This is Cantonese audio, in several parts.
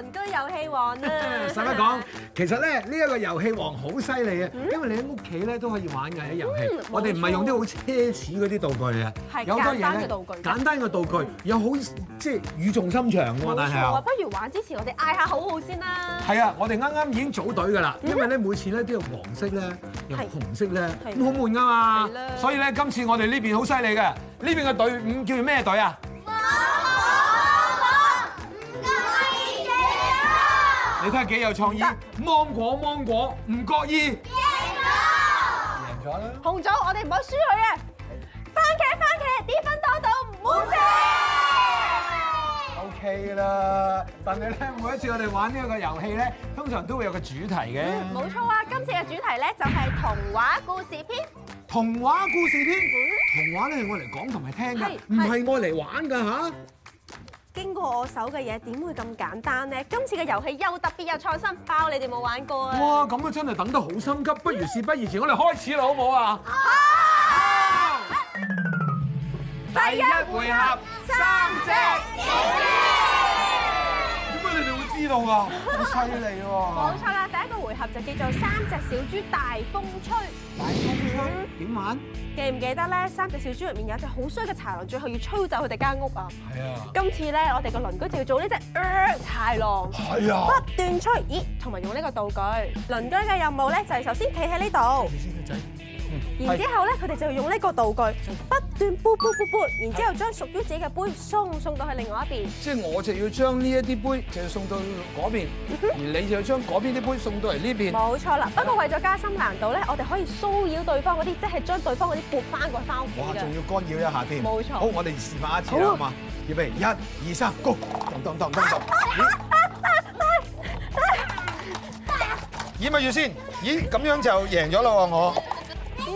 鄰居遊戲王啊！使乜講，其實咧呢一個遊戲王好犀利啊！因為你喺屋企咧都可以玩嘅喺遊戲。我哋唔係用啲好奢侈嗰啲道具嘅，有好多嘢，係簡單嘅道具。簡單嘅道具有好即係語重心長喎，但係不如玩之前我哋嗌下口號先啦。係啊，我哋啱啱已經組隊㗎啦，因為咧每次咧都有黃色咧，有紅色咧，咁好悶㗎嘛。所以咧今次我哋呢邊好犀利嘅，呢邊嘅隊伍叫咩隊啊？你睇下幾有創意，芒果芒果，唔覺意？贏咗。贏咗啦。紅組，我哋唔好以輸佢啊！番茄番茄，啲分多到唔滿意。O K 啦，但係咧，每一次我哋玩呢一個遊戲咧，通常都會有個主題嘅。冇、嗯、錯啊，今次嘅主題咧就係童話故事篇。童話故事篇。嗯、童話咧，係我嚟講同埋聽㗎，唔係我嚟玩㗎嚇。我手嘅嘢點會咁簡單呢？今次嘅遊戲又特別有創新包，你哋冇玩過啊？哇！咁啊，真係等得好心急，不如事不宜遲，我哋開始啦好唔好啊？好！第一回合，三隻小豬。點解你哋會知道啊？好犀利喎！冇錯啦。配合就叫做三隻小豬大風吹，大風吹，點玩？記唔記得咧？三隻小豬入面有一隻好衰嘅豺狼，最後要吹走佢哋間屋啊！係啊！今次咧，我哋個鄰居就要做呢隻呃豺狼，係啊！不斷吹，咦？同埋用呢個道具，鄰居嘅任務咧就係首先企喺呢度。然之後咧，佢哋就用呢個道具不斷撥撥撥撥，然之後將屬於自己嘅杯送送到去另外一邊。即係我就要將呢一啲杯就送到嗰邊，而你就要將嗰邊啲杯送到嚟呢邊。冇錯啦，不過為咗加深難度咧，我哋可以騷擾對方嗰啲，即係將對方嗰啲撥翻過去翻屋企。我仲要干擾一下添。冇錯。好，我哋示範一次啦，好嘛？預備，一二三，高，噔噔噔噔噔。咪住先。咦，咁樣就贏咗咯喎，我。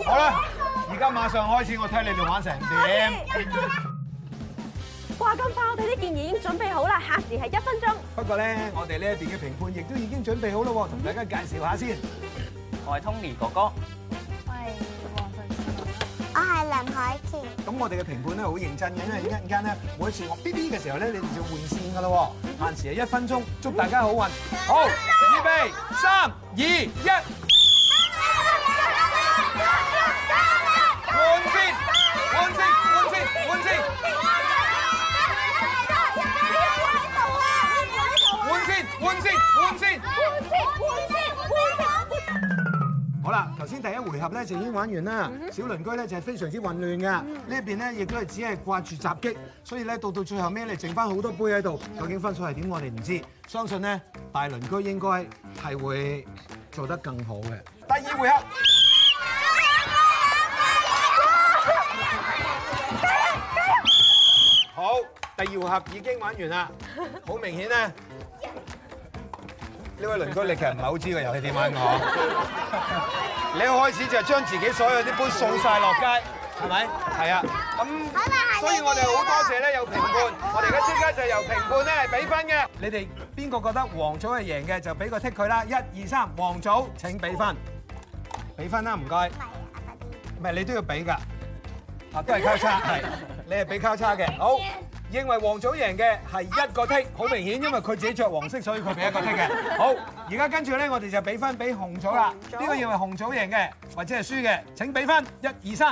好啦，而家馬上開始，我睇你哋玩成點。掛金花，我哋啲建議已經準備好啦，限時係一分鐘。不過咧，我哋呢一邊嘅評判亦都已經準備好啦，同大家介紹下先。我係 Tony 哥哥，係黃穗詩，我係林海燕。咁我哋嘅評判咧好認真嘅，因為一陣間咧，每次我 BB 嘅時候咧，你就要換線噶啦。限時係一分鐘，祝大家好運。好，準備，三、二、一。頭先第一回合咧就已經玩完啦，mm hmm. 小鄰居咧就係非常之混亂嘅。呢、mm hmm. 邊咧亦都係只係掛住襲擊，所以咧到到最後咩，你剩翻好多杯喺度，究竟分數係點我哋唔知，相信咧大鄰居應該係會做得更好嘅。第二回合，加油！加油！加油！好，第二回合已經玩完啦，好明顯咧。呢位鄰居你其實唔係好知個遊戲點玩㗎嗬？你一開始就將自己所有啲杯送曬落街，係咪？係啊。咁，所以我哋好多謝咧，有評判。我哋而家即刻就由評判咧係俾分嘅。你哋邊個覺得黃組係贏嘅，就俾個剔佢啦。一、二、三，黃組請俾分，俾分啦，唔該。唔係，阿爸啲。唔係你都要俾㗎，啊都係交叉係，你係俾交叉嘅。好。認為黃組贏嘅係一個剔，好明顯，因為佢自己著黃色，所以佢俾一個剔嘅。好，而家跟住咧，我哋就俾分俾紅組啦。呢個認為紅組贏嘅，或者係輸嘅，請俾分，一、二、三。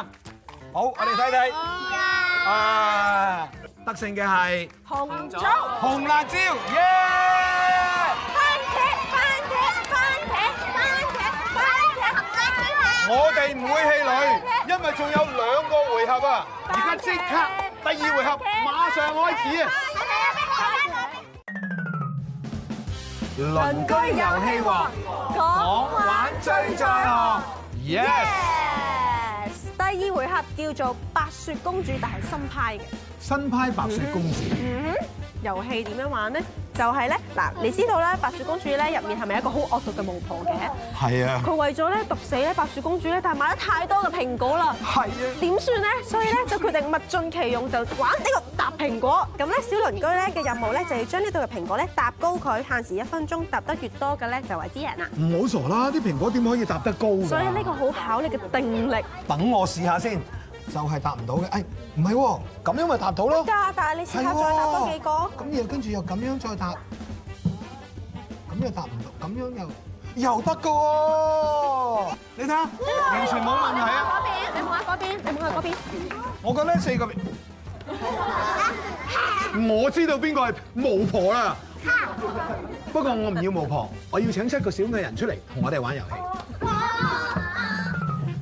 好，我哋睇睇。好呀。啊，得勝嘅係紅組，紅辣椒，耶！番茄，番茄，番茄，番茄，番茄。我哋唔會氣餒，因為仲有兩個回合啊！而家即刻。第二回合馬上開始。鄰居遊戲話：我玩最在行。Yes，第二回合叫做白雪公主，但係新派嘅新派白雪公主。嗯，遊戲點樣玩呢？就係咧，嗱，你知道咧，白雪公主咧入面係咪一個好惡毒嘅巫婆嘅？係是啊。佢為咗咧毒死咧白雪公主咧，但係買得太多嘅蘋果啦。係是啊。點算咧？所以咧就決定物盡其用，就玩呢個搭蘋果。咁咧小鄰居咧嘅任務咧就係將呢度嘅蘋果咧搭高佢，限時一分鐘，搭得越多嘅咧就為之贏啦。唔好傻啦，啲蘋果點可以搭得高㗎？所以呢個好考你嘅定力。等 我試下先。就係答唔到嘅，誒，唔係喎，咁樣咪答到咯？係㗎，但係你試下再答多、哦、幾個，咁又跟住又咁樣再答。咁又答唔到，咁樣又又得嘅喎，你睇下，完全冇問題啊！你望下嗰邊，你望下嗰邊，邊邊我覺得四個邊， 我知道邊個係巫婆啦，不過我唔要巫婆，我要請出一個小女人出嚟同我哋玩遊戲。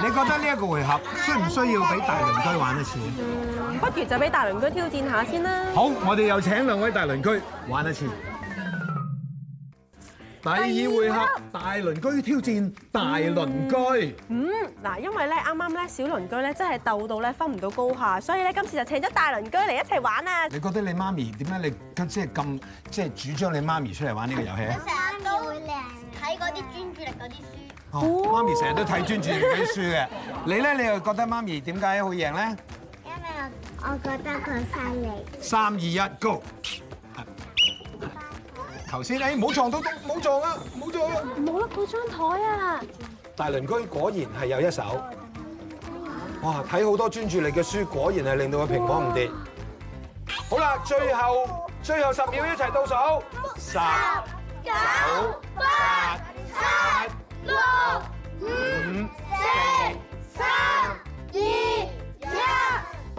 你覺得呢一個回合需唔需要俾大鄰居玩一次？嗯，不如就俾大鄰居挑戰下先啦。好，我哋又請兩位大鄰居玩一次。第二回合，回合大鄰居挑戰大鄰居。嗯，嗯，嗱，因為咧，啱啱咧，小鄰居咧，真係鬥到咧，分唔到高下，所以咧，今次就請咗大鄰居嚟一齊玩啊！你覺得你媽咪點解你今即係咁即係主張你媽咪出嚟玩呢個遊戲咧？我成日都會睇嗰啲專注力嗰啲書。 媽咪成日都睇專注力啲書嘅，你咧你又覺得媽咪點解好贏咧？因為我覺得佢犀利。三二一，Go！頭先你唔好撞到，都唔好撞啊，唔好撞！冇得嗰張台啊！大鄰居果然係有一手，哇！睇好多專注力嘅書，果然係令到個蘋果唔跌。哇好啦，最後最後十秒一齊倒數，3, 十九,十九八七。四三六五四三二一，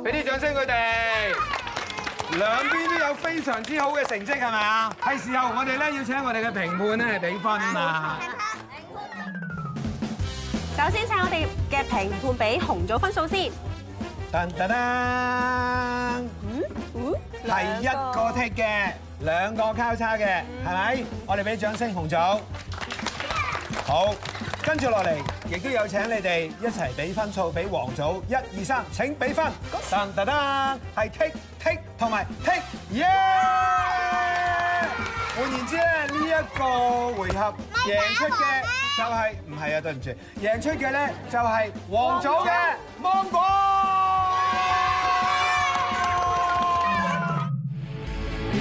俾啲掌聲佢哋。兩邊都有非常之好嘅成績，係咪啊？係時候我哋咧要請我哋嘅評判咧係俾分啦。首先請我哋嘅評判俾紅組分數先。噔噔噔，嗯嗯，係一個踢嘅，兩個交叉嘅，係咪？我哋俾掌聲紅組。好，跟住落嚟亦都有請你哋一齊俾分數俾黃組。一、二、三，請俾分。噉 Go.，噔噔噔，係剔剔同埋剔，耶！換言之咧，呢、這、一個回合贏出嘅就係唔係啊？對唔住，贏出嘅咧就係黃組嘅芒果。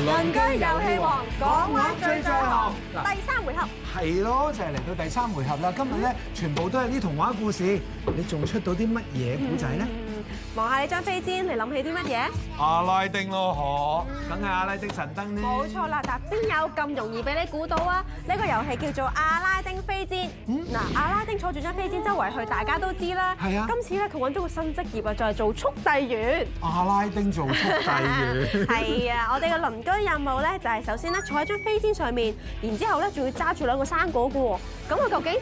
人家遊戲王講話最最後，來第三回合係咯，就係、是、嚟到第三回合啦。今日咧，全部都係啲童話故事，你仲出到啲乜嘢古仔咧？嗯望下你張飛氈，你諗起啲乜嘢？阿拉丁咯，嗬，梗係阿拉丁神燈冇錯啦，但邊有咁容易俾你估到啊？呢、這個遊戲叫做阿拉丁飛氈。嗱、嗯，阿拉丁坐住張飛氈周圍去，大家都知啦。係啊的。今次咧，佢揾咗個新職業啊，就係、是、做速遞員。阿拉丁做速遞員。係 啊，我哋嘅鄰居任務咧，就係首先咧坐喺張飛氈上面，然之後咧仲要揸住兩個生果噶喎。咁佢究竟？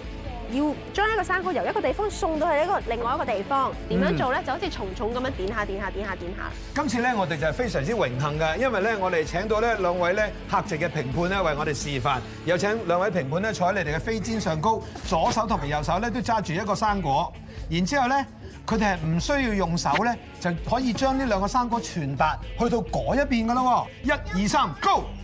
要將一個生果由一個地方送到去一個另外一個地方，點樣做咧？就好似重重咁樣點下點下點下點下。今次咧，我哋就係非常之榮幸嘅，因為咧，我哋請到呢兩位咧客席嘅評判咧，為我哋示範。有請兩位評判咧，坐喺你哋嘅飛氈上高，左手同埋右手咧都揸住一個生果，然之後咧，佢哋係唔需要用手咧，就可以將呢兩個生果傳達去到嗰一邊噶咯喎，一二三，Go！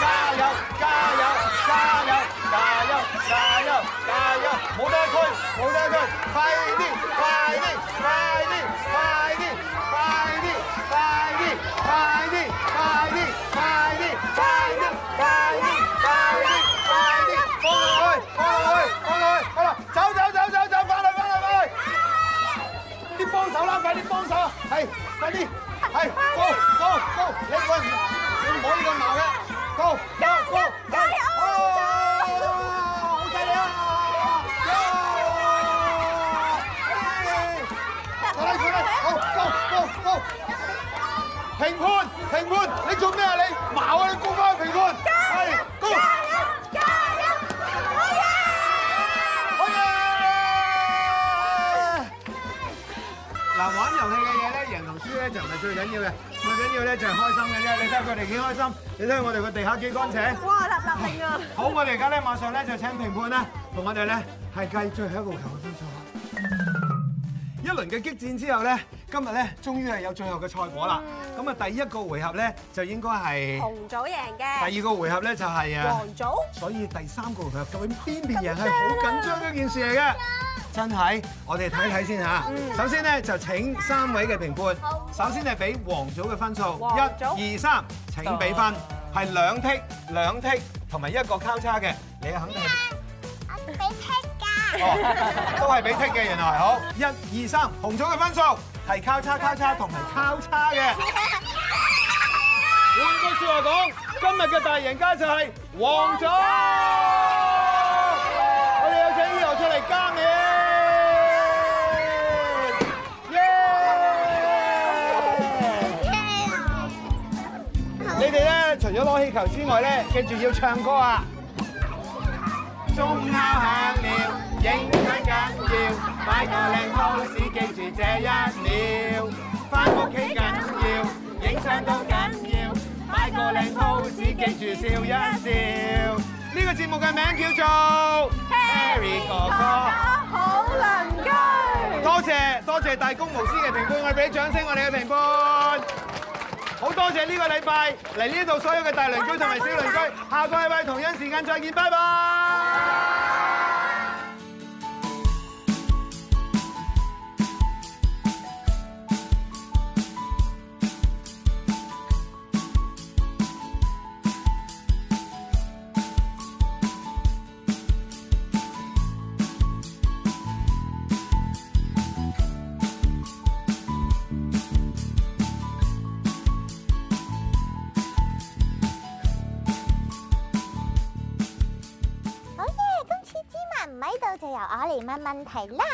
加油！加油！加油！高，評判，評判，你做咩啊你？唔好啊，你高翻去評判。加油！加油！加油！好嘅，好嘅。嗱，玩遊戲嘅嘢咧，贏同輸咧就唔係最緊要嘅，最緊要咧就係開心嘅啫，因為你睇下佢哋幾開心，你睇下我哋個地下幾乾淨。哇！立立令啊！好，我哋而家咧，馬上咧就請評判咧，同我哋咧係計最後一個球嘅分數。一輪嘅激戰之後咧。今日咧，終於係有最後嘅賽果啦！咁啊，第一個回合咧就應該係紅組贏嘅。第二個回合咧就係啊，黃組。所以第三個回合究竟邊邊贏，係好緊張嘅一件事嚟嘅，真係。我哋睇睇先嚇。首先咧就請三位嘅評判，首先係俾黃組嘅分數，一、二、三，請俾分。係兩剔、兩剔同埋一個交叉嘅，你肯定？都係俾剔嘅，原來係好。一、二、三，紅組嘅分數係交叉、交叉同埋交叉嘅。換句説話講，今日嘅大贏家就係黃組。我哋有請依號出嚟加冕。耶！你哋咧，除咗攞氣球之外咧，記住要唱歌啊！中午烤下。記住笑一笑，呢個節目嘅名叫做 Harry 哥哥好鄰居，多謝多謝大公無私嘅評判，我哋俾掌聲我哋嘅評判，好多謝呢個禮拜嚟呢度所有嘅大鄰居同埋小鄰居，下個禮拜同樣時間再見，拜拜。就由我嚟問問題啦，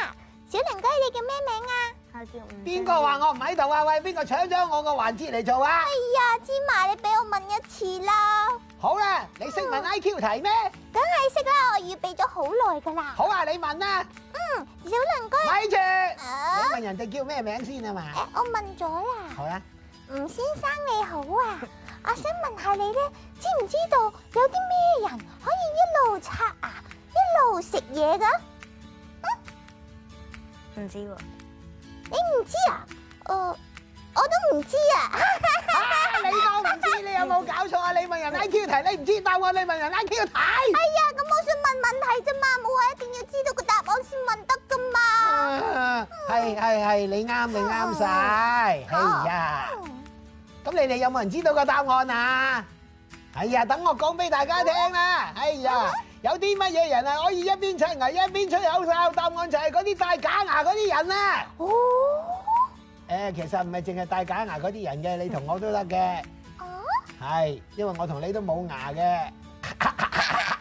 小鄰居，你叫咩名啊？我叫吳。邊個話我唔喺度啊？喂，邊個搶咗我個環節嚟做啊？哎呀，芝麻你俾我問一次啦。好啦，你識問 I Q 題咩？梗係識啦，我預備咗好耐噶啦。好啊，你問啦。嗯，小鄰居，咪住著，啊、你問人哋叫咩名先啊嘛？我問咗啦。好啊了。吳先生你好啊，我想問下你咧，知唔知道有啲咩人可以一路拆？食嘢噶？唔知喎，你唔知啊？我我都唔知啊！你都唔知？你有冇搞錯啊？你問人 IQ 題，你唔知答案，你問人 IQ 題？哎呀，咁我想問問題啫嘛，冇話一定要知道個答案先問得噶嘛？係係係，你啱你啱晒。哎呀，咁你哋有冇人知道個答案啊？哎呀，等我講俾大家聽啦！哎呀。有啲乜嘢人係可以一邊刷牙一邊吹口哨？答案就係嗰啲戴假牙嗰啲人啦，啊。哦、啊，其實唔係淨係戴假牙嗰啲人嘅，你同我都得嘅。哦、啊，係，因為我同你都冇牙嘅。